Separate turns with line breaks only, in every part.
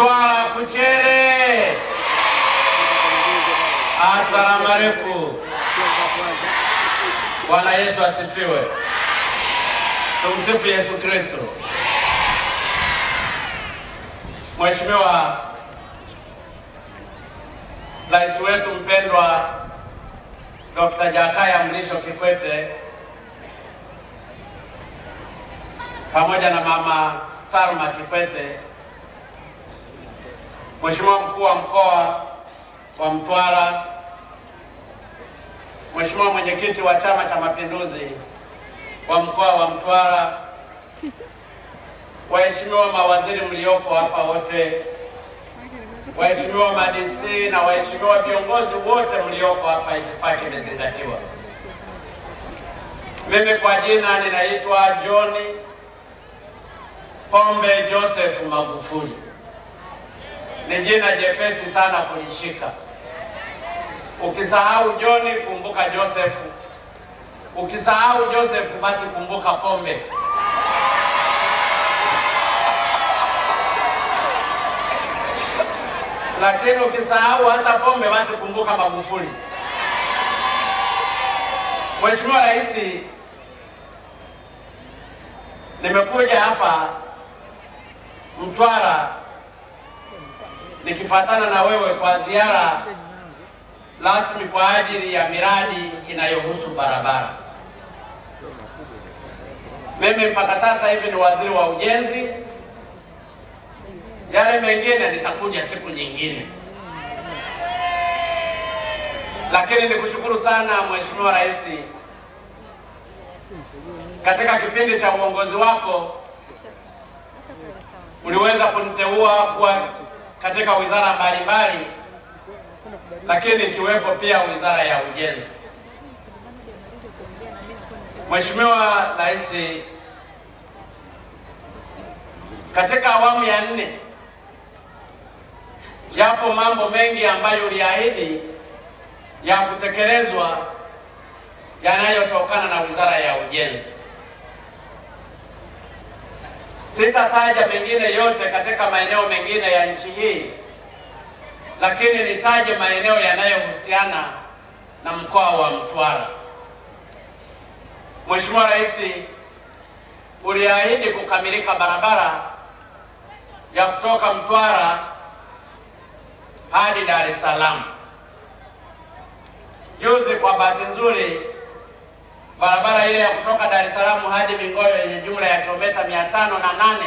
Mtwara Kuchere, asalamu alaykum. Bwana Yesu asifiwe. Tumsifu Yesu Kristo. Mheshimiwa Rais wetu mpendwa Dr. Jakaya Mlisho Kikwete pamoja na Mama Salma Kikwete Mheshimiwa mkuu wa mkoa wa Mtwara, Mheshimiwa mwenyekiti wa Chama cha Mapinduzi wa mkoa wa Mtwara, waheshimiwa mawaziri mliopo hapa wote, waheshimiwa madisi na waheshimiwa viongozi wote mliopo hapa, itifaki imezingatiwa. Mimi kwa jina ninaitwa John Pombe Joseph Magufuli ni jina jepesi sana kulishika. Ukisahau Joni, kumbuka Josefu. Ukisahau Josefu, basi kumbuka pombe. Lakini ukisahau hata pombe, basi kumbuka Magufuli. Mheshimiwa Rais, nimekuja hapa Mtwara nikifuatana na wewe kwa ziara rasmi kwa ajili ya miradi inayohusu barabara. Mimi mpaka sasa hivi ni waziri wa ujenzi, yale mengine nitakuja siku nyingine, lakini nikushukuru sana Mheshimiwa Rais, katika kipindi cha uongozi wako uliweza kuniteua kuwa katika wizara mbalimbali, lakini ikiwepo pia wizara ya ujenzi. Mheshimiwa Rais, katika awamu ya nne yapo mambo mengi ambayo uliahidi ya kutekelezwa yanayotokana na wizara ya ujenzi. Sitataja mengine yote katika maeneo mengine ya nchi hii, lakini nitaje maeneo yanayohusiana na mkoa wa Mtwara. Mheshimiwa Rais, uliahidi kukamilika barabara ya kutoka Mtwara hadi Dar es Salaam. Juzi kwa bahati nzuri barabara ile ya kutoka Dar es Salaam hadi Mingoyo yenye jumla ya kilomita mia tano na nane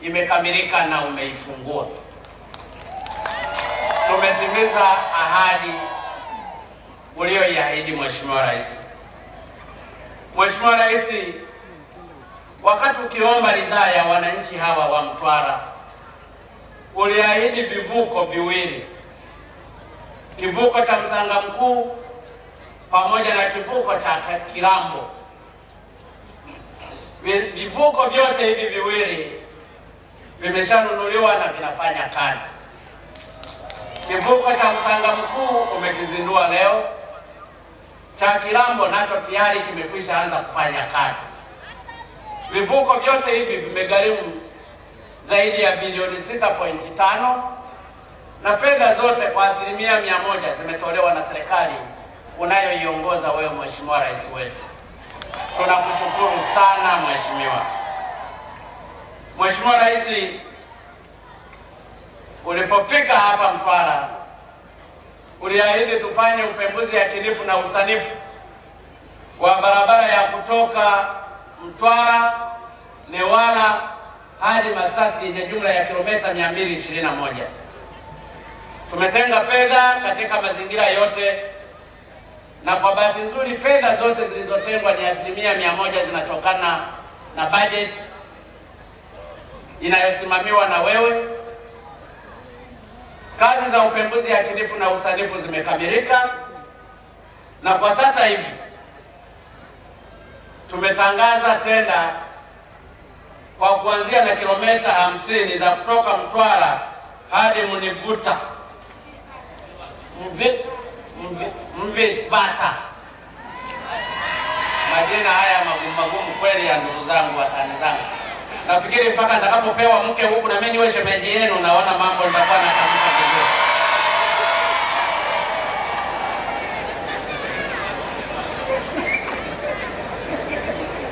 imekamilika na umeifungua. Tumetimiza ahadi uliyoiahidi Mheshimiwa Rais. Mheshimiwa Rais, wakati ukiomba ridhaa ya wananchi hawa wa Mtwara uliahidi vivuko viwili, kivuko cha Msanga Mkuu pamoja na kivuko cha Kilambo. Vivuko vyote hivi viwili vimeshanunuliwa na vinafanya kazi. Kivuko cha Msanga Mkuu umekizindua leo, cha Kilambo nacho tayari kimekwisha anza kufanya kazi. Vivuko vyote hivi vimegharimu zaidi ya bilioni 6.5 na fedha zote kwa asilimia mia moja zimetolewa na serikali unayoiongoza wewe Mheshimiwa Rais wetu. Tunakushukuru sana Mheshimiwa. Mheshimiwa Rais, ulipofika hapa Mtwara uliahidi tufanye upembuzi yakinifu na usanifu wa barabara ya kutoka Mtwara Newala hadi Masasi yenye jumla ya kilomita 221. Tumetenga fedha katika mazingira yote na kwa bahati nzuri fedha zote zilizotengwa ni asilimia mia moja zinatokana na bajeti inayosimamiwa na wewe. Kazi za upembuzi yakinifu na usanifu zimekamilika, na kwa sasa hivi tumetangaza tenda kwa kuanzia na kilomita hamsini za kutoka Mtwara hadi Munivuta Mvi mve bata. Majina haya magumu magumu kweli ya ndugu zangu, watani zangu, nafikiri mpaka nitakapopewa mke huku na mimi niwe shemeji yenu, naona mambo yatakuwa na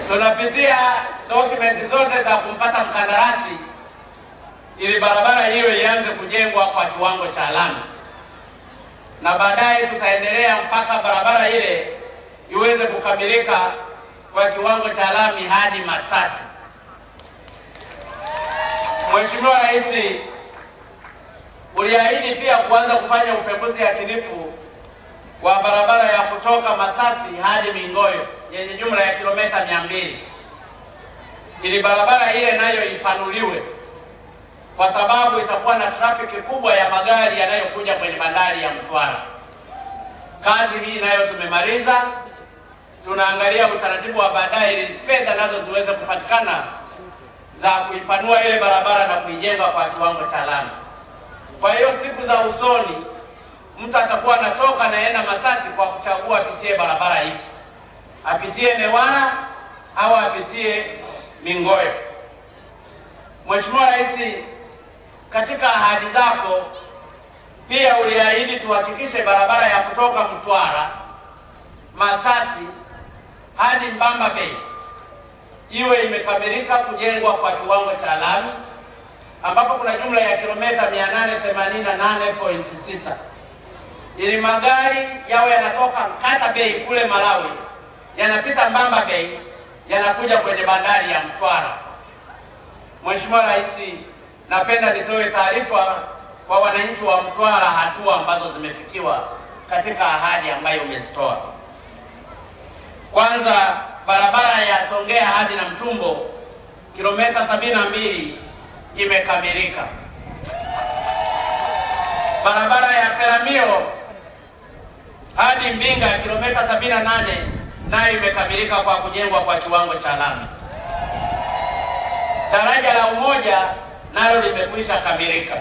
tunapitia dokumenti zote za kumpata mkandarasi ili barabara hiyo ianze kujengwa kwa kiwango cha lami na baadaye tutaendelea mpaka barabara ile iweze kukamilika kwa kiwango cha lami hadi Masasi. Mheshimiwa Rais, uliahidi pia kuanza kufanya upembuzi yakinifu wa barabara ya kutoka Masasi hadi Mingoyo yenye jumla ya kilometa mia mbili ili barabara ile nayo ipanuliwe kwa sababu itakuwa na trafiki kubwa ya magari yanayokuja kwenye bandari ya Mtwara. Kazi hii nayo tumemaliza, tunaangalia utaratibu wa baadaye ili fedha nazo ziweze kupatikana za kuipanua ile barabara na kuijenga kwa kiwango cha lami. Kwa hiyo siku za usoni mtu atakuwa anatoka naenda Masasi kwa kuchagua apitie barabara hii, apitie Newala au apitie Mingoyo. Mheshimiwa Rais katika ahadi zako pia uliahidi tuhakikishe barabara ya kutoka Mtwara Masasi hadi Mbamba Bay iwe imekamilika kujengwa kwa kiwango cha lami ambapo kuna jumla ya kilometa 888.6 ili magari yawe yanatoka mkata Bay kule Malawi yanapita Mbamba Bay yanakuja kwenye bandari ya Mtwara. Mheshimiwa Rais Napenda nitoe taarifa kwa wananchi wa Mtwara hatua ambazo zimefikiwa katika ahadi ambayo umezitoa. Kwanza, barabara ya Songea hadi na Mtumbo kilomita mbili imekamilika. Barabara ya peramio hadi Mbinga kilomita nane nayo imekamilika kwa kujengwa kwa kiwango cha lami. Daraja la Umoja nalo limekwisha kamilika.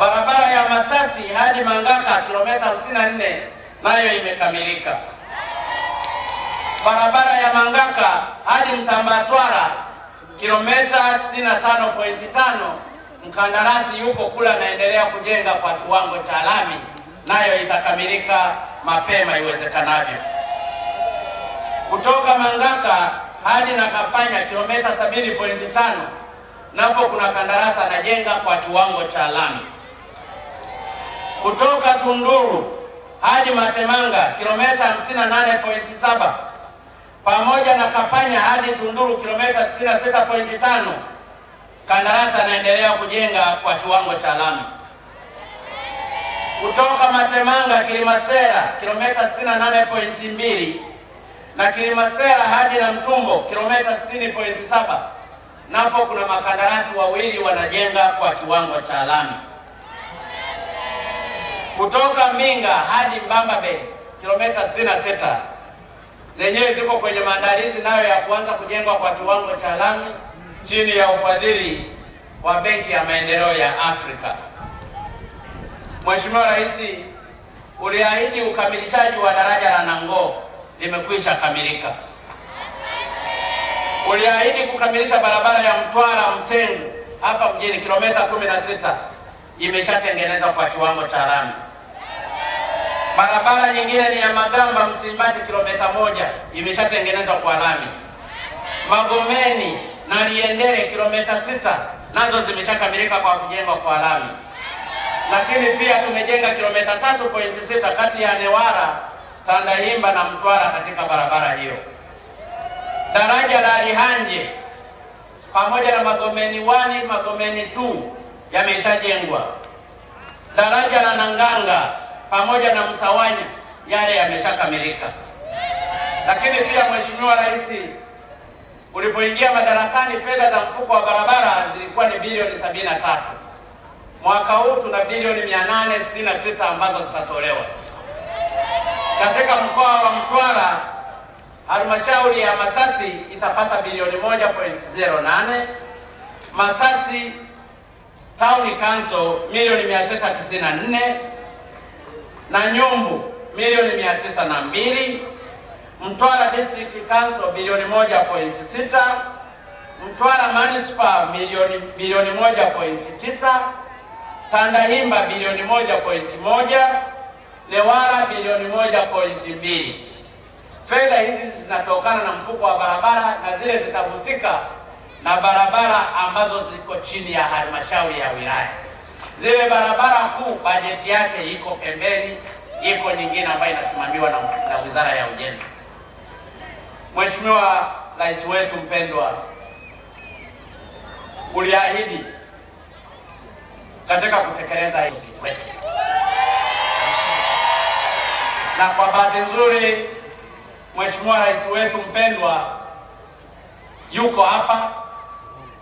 Barabara ya Masasi hadi Mangaka kilomita 54 nayo imekamilika. Barabara ya Mangaka hadi Mtambaswara kilomita 65.5 mkandarasi yuko kule anaendelea kujenga kwa kiwango cha lami, nayo itakamilika mapema iwezekanavyo. Kutoka Mangaka hadi Nakapanya kilomita 70.5 napo kuna kandarasi anajenga kwa kiwango cha lami kutoka Tunduru hadi Matemanga kilomita 58.7 pamoja na Kapanya hadi Tunduru kilomita 66.5. Kandarasi anaendelea kujenga kwa kiwango cha lami kutoka Matemanga Kilimasera kilomita 68.2 na Kilimasera hadi na Mtumbo kilomita 60.7 napo kuna makandarasi wawili wanajenga kwa kiwango cha lami kutoka minga hadi Mbamba Bay kilomita 66 zenyewe ziko kwenye maandalizi nayo ya kuanza kujengwa kwa kiwango cha lami chini ya ufadhili wa Benki ya Maendeleo ya Afrika. Mheshimiwa Rais, uliahidi ukamilishaji wa daraja la Nango limekwisha kamilika uliahidi kukamilisha barabara ya Mtwara Mtengu hapa mjini kilomita kumi na sita imeshatengenezwa kwa kiwango cha lami. Barabara nyingine ni ya Magamba Msimbati kilomita moja imeshatengenezwa kwa lami. Magomeni na Liendele kilomita sita nazo zimeshakamilika kwa kujengwa kwa lami. Lakini pia tumejenga kilomita tatu pointi sita kati ya newara Tandahimba na Mtwara katika barabara hiyo daraja la Lihanje pamoja na Magomeni 1 Magomeni 2 yameshajengwa. Daraja la Nanganga pamoja na Mtawanya yale yameshakamilika. Lakini pia Mheshimiwa Rais ulipoingia madarakani, fedha za mfuko wa barabara zilikuwa ni bilioni 73. Mwaka huu tuna bilioni 866 ambazo zitatolewa katika mkoa wa Mtwara halmashauri ya Masasi itapata bilioni 1.08, Masasi Town Council milioni 694, na Nyumbu milioni 902, Mtwara District Council bilioni 1.6, Mtwara Manispaa milioni bilioni 1.9, Tandahimba bilioni 1.1, Newala bilioni 1.2 fedha hizi zinatokana na mfuko wa barabara na zile zitahusika na barabara ambazo ziko chini ya halmashauri ya wilaya. Zile barabara kuu bajeti yake iko pembeni, iko nyingine ambayo inasimamiwa na, na wizara ya ujenzi. Mheshimiwa Rais wetu mpendwa, uliahidi katika kutekeleza hili kwetu, na kwa bahati nzuri Mheshimiwa Rais wetu mpendwa yuko hapa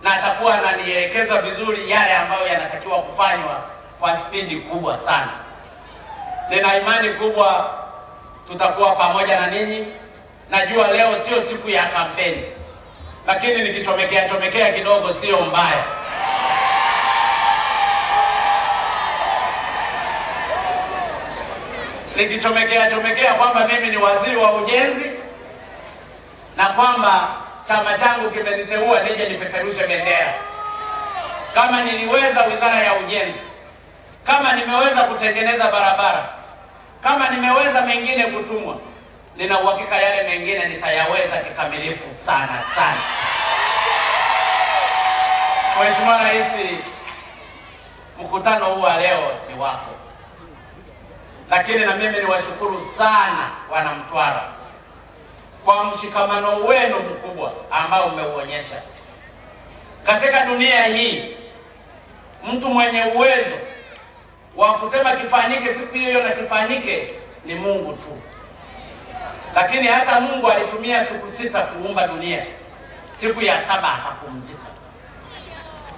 na atakuwa ananielekeza vizuri yale ambayo yanatakiwa kufanywa kwa spidi kubwa sana. Nina imani kubwa tutakuwa pamoja na ninyi. Najua leo sio siku ya kampeni, lakini nikichomekea chomekea kidogo sio mbaya. likichomekea chomekea kwamba mimi ni waziri wa ujenzi na kwamba chama changu kimeniteua nije nipeperushe bendera. Kama niliweza wizara ya ujenzi, kama nimeweza kutengeneza barabara, kama nimeweza mengine kutumwa, nina uhakika yale mengine nitayaweza kikamilifu sana sana. Mheshimiwa Rais, mkutano huu wa leo ni wako. Lakini na mimi niwashukuru sana wanamtwara kwa mshikamano wenu mkubwa ambao umeuonyesha katika dunia hii. Mtu mwenye uwezo wa kusema kifanyike siku hiyo na kifanyike ni Mungu tu, lakini hata Mungu alitumia siku sita kuumba dunia, siku ya saba akapumzika.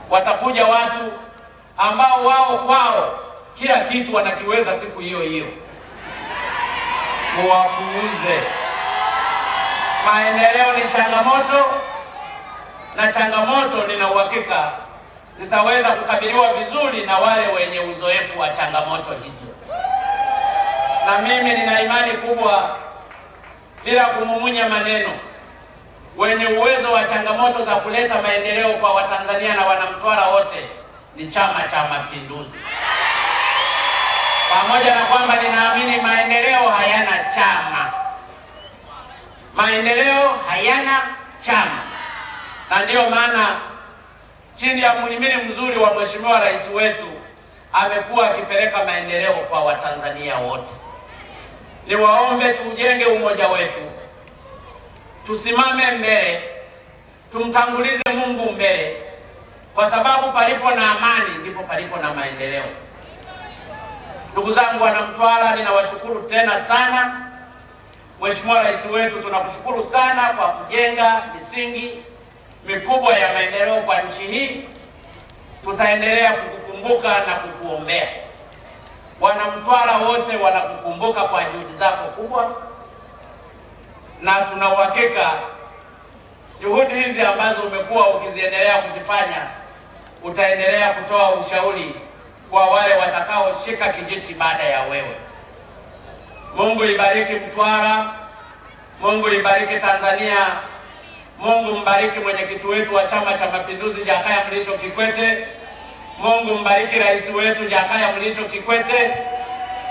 Watakuja watu ambao wao kwao kila kitu wanakiweza siku hiyo hiyo. Tuwapuuze. Maendeleo ni changamoto, na changamoto nina uhakika zitaweza kukabiliwa vizuri na wale wenye uzoefu wa changamoto hizo, na mimi nina imani kubwa, bila kumumunya maneno, wenye uwezo wa changamoto za kuleta maendeleo kwa Watanzania na Wanamtwara wote ni Chama cha Mapinduzi pamoja na kwamba ninaamini maendeleo hayana chama, maendeleo hayana chama, na ndiyo maana chini ya muhimili mzuri wa Mheshimiwa Rais wetu amekuwa akipeleka maendeleo kwa Watanzania wote. Niwaombe tuujenge umoja wetu, tusimame mbele, tumtangulize Mungu mbele, kwa sababu palipo na amani ndipo palipo na maendeleo. Ndugu zangu Wanamtwara, ninawashukuru tena sana. Mheshimiwa Rais wetu, tunakushukuru sana kwa kujenga misingi mikubwa ya maendeleo kwa nchi hii. Tutaendelea kukukumbuka na kukuombea. Wanamtwara wote wanakukumbuka kwa juhudi zako kubwa, na tuna uhakika juhudi hizi ambazo umekuwa ukiziendelea kuzifanya, utaendelea kutoa ushauri kwa wale watakaoshika kijiti baada ya wewe. Mungu ibariki Mtwara, Mungu ibariki Tanzania, Mungu mbariki mwenyekiti wetu wa Chama cha Mapinduzi Jakaya Mlisho Kikwete, Mungu mbariki rais wetu Jakaya Mlisho Kikwete.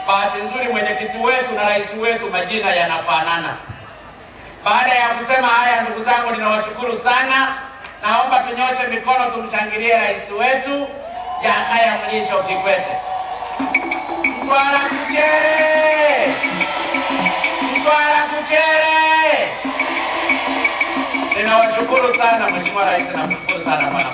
Bahati nzuri mwenyekiti wetu na rais wetu majina yanafanana. Baada ya kusema haya, ndugu zangu, ninawashukuru sana. Naomba tunyoshe mikono tumshangilie rais wetu. Jakaya Mlisho Kikwete. Mtwara kuchere, Mtwara kuchere. Ninawashukuru sana Mheshimiwa Rais, namshukuru sana bwana.